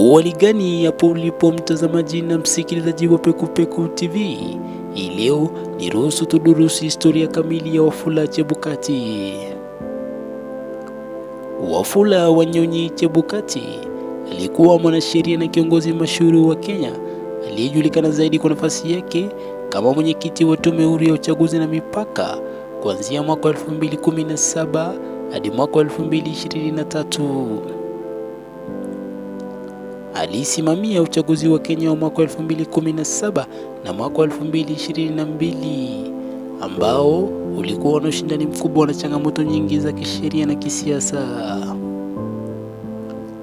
Hali gani hapo ulipo mtazamaji na msikilizaji wa Pekupeku TV? Hii leo ni ruhusu tudurusi historia kamili ya Wafula Chebukati. Wafula Wanyonyi Chebukati alikuwa mwanasheria na kiongozi mashuhuri wa Kenya aliyejulikana zaidi kwa nafasi yake kama mwenyekiti wa tume huru ya uchaguzi na mipaka kuanzia mwaka 2017 hadi mwaka 2023 aliisimamia uchaguzi wa Kenya wa mwaka 2017 na mwaka 2022 ambao ulikuwa na ushindani mkubwa na changamoto nyingi za kisheria na kisiasa.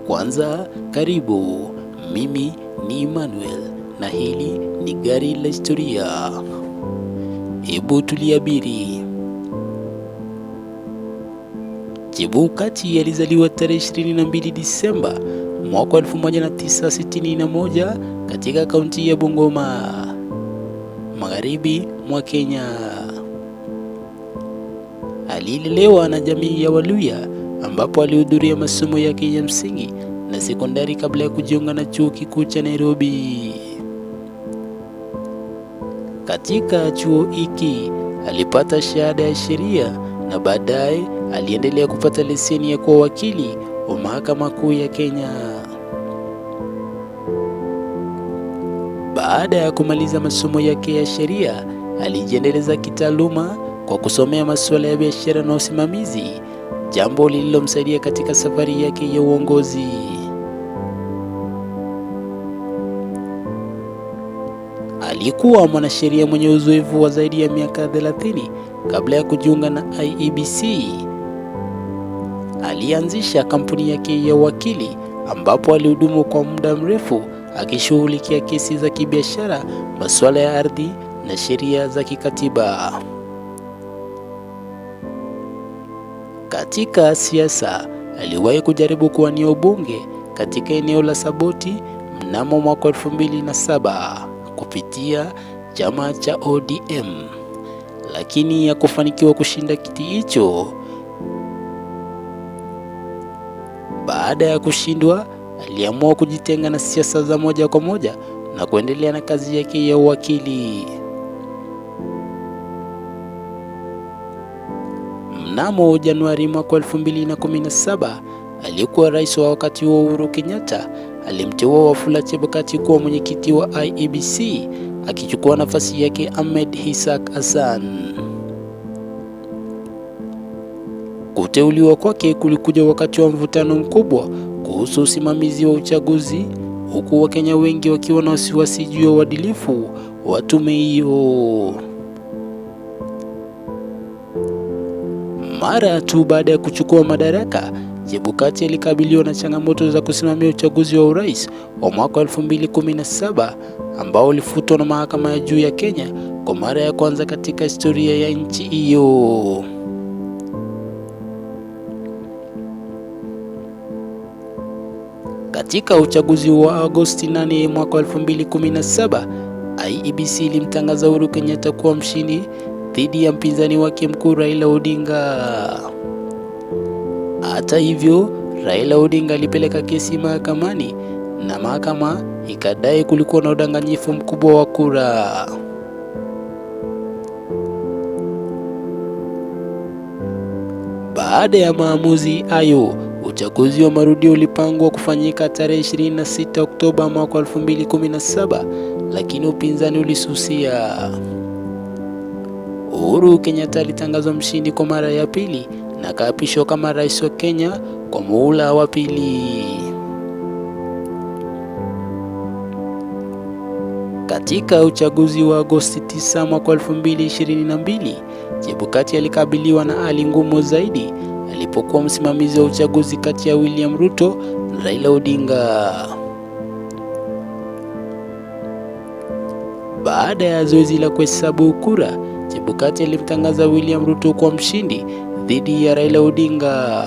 Kwanza, karibu. Mimi ni Emmanuel na hili ni gari la historia. Hebu tuliabiri. Chebukati alizaliwa tarehe 22 Disemba mwaka 1961 katika kaunti ya Bungoma, magharibi mwa Kenya. Alilelewa na jamii ya Waluya ambapo alihudhuria masomo yake ya msingi na sekondari kabla ya kujiunga na chuo kikuu cha Nairobi. Katika chuo hiki alipata shahada ya sheria na baadaye aliendelea kupata leseni ya kuwa wakili wa mahakama kuu ya Kenya. Baada ya kumaliza masomo yake ya sheria, alijiendeleza kitaaluma kwa kusomea masuala ya biashara na usimamizi, jambo lililomsaidia katika safari yake ya uongozi. Alikuwa mwanasheria mwenye uzoefu wa zaidi ya miaka 30 kabla ya kujiunga na IEBC alianzisha kampuni yake ya uwakili ambapo alihudumu kwa muda mrefu akishughulikia kesi za kibiashara, masuala ya ardhi na sheria za kikatiba. Katika siasa, aliwahi kujaribu kuwania ubunge katika eneo la Saboti mnamo mwaka saba kupitia chama cha ODM, lakini hakufanikiwa kushinda kiti hicho Baada ya kushindwa, aliamua kujitenga na siasa za moja kwa moja na kuendelea na kazi yake ya uwakili. Mnamo Januari mwaka 2017, aliyekuwa rais wa wakati huo Uhuru Kenyatta alimteua Wafula Chebukati kuwa mwenyekiti wa IEBC akichukua nafasi yake Ahmed Hisak Hassan. Kuteuliwa kwake kulikuja wakati wa mvutano mkubwa kuhusu usimamizi wa uchaguzi, huku Wakenya wengi wakiwa na wasiwasi juu ya uadilifu wa tume hiyo. Mara tu baada ya kuchukua madaraka, Chebukati alikabiliwa na changamoto za kusimamia uchaguzi wa urais wa mwaka 2017 ambao ulifutwa na mahakama ya juu ya Kenya kwa mara ya kwanza katika historia ya nchi hiyo. Katika uchaguzi wa Agosti 8 mwaka 2017, IEBC ilimtangaza Uhuru Kenyatta kuwa mshindi dhidi ya mpinzani wake mkuu Raila Odinga. Hata hivyo, Raila Odinga alipeleka kesi mahakamani na mahakama ikadai kulikuwa na udanganyifu mkubwa wa kura. Baada ya maamuzi hayo Uchaguzi wa marudio ulipangwa kufanyika tarehe 26 Oktoba mwaka 2017, lakini upinzani ulisusia. Uhuru Kenyatta alitangazwa mshindi kwa mara ya pili na akaapishwa kama rais wa Kenya kwa muhula wa pili. Katika uchaguzi wa Agosti 9 mwaka 2022, Chebukati alikabiliwa na hali ngumu zaidi alipokuwa msimamizi wa uchaguzi kati ya William Ruto na Raila Odinga. Baada ya zoezi la kuhesabu kura, Chebukati alimtangaza William Ruto kuwa mshindi dhidi ya Raila Odinga.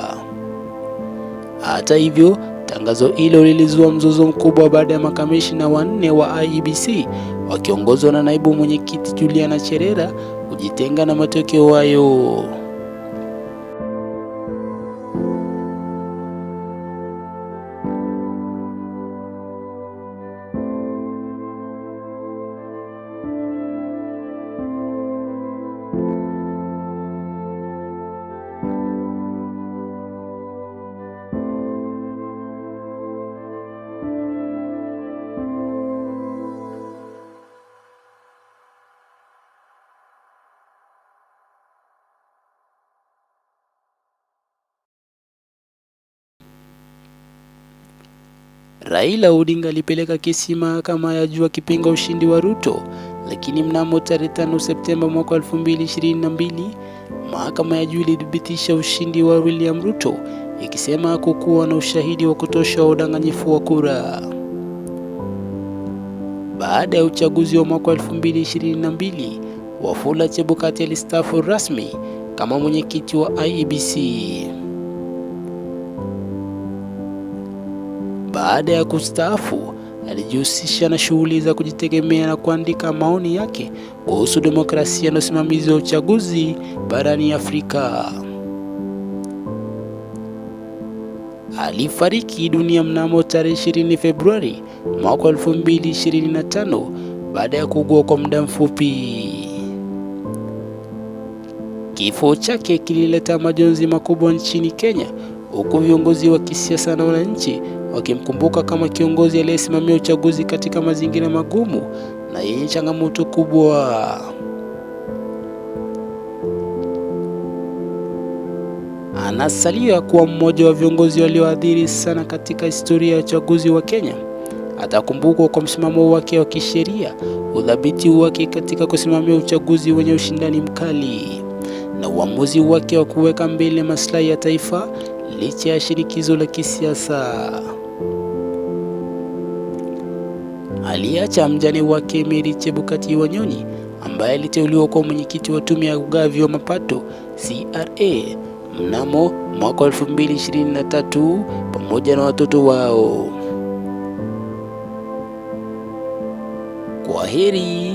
Hata hivyo, tangazo hilo lilizua mzozo mkubwa baada ya makamishina wanne wa IEBC wakiongozwa na naibu mwenyekiti Juliana Cherera kujitenga na matokeo hayo. Raila Odinga alipeleka kesi mahakama ya juu akipinga ushindi wa Ruto, lakini mnamo tarehe 5 Septemba mwaka 2022 mahakama ya juu ilithibitisha ushindi wa William Ruto ikisema hakukuwa na ushahidi wa kutosha wa udanganyifu wa kura. Baada ya uchaguzi wa mwaka 2022, Wafula Chebukati alistaafu rasmi kama mwenyekiti wa IEBC. Baada ya kustaafu, alijihusisha na shughuli za kujitegemea na kuandika maoni yake kuhusu demokrasia na usimamizi wa uchaguzi barani Afrika. Alifariki dunia mnamo tarehe 20 Februari mwaka 2025 baada ya kuugua kwa muda mfupi. Kifo chake kilileta majonzi makubwa nchini Kenya, huku viongozi wa kisiasa na wananchi wakimkumbuka kama kiongozi aliyesimamia uchaguzi katika mazingira magumu na yenye changamoto kubwa. Anasalia kuwa mmoja wa viongozi walioathiri sana katika historia ya uchaguzi wa Kenya. Atakumbukwa kwa msimamo wake wa kisheria, udhabiti wake katika kusimamia uchaguzi wenye ushindani mkali na uamuzi wake wa kuweka mbele maslahi ya taifa licha ya shinikizo la kisiasa. aliacha mjane wake Mary Chebukati wanyoni ambaye aliteuliwa kuwa mwenyekiti wa tume ya ugavi wa mapato CRA mnamo mwaka 2023 pamoja na watoto wao. Kwaheri.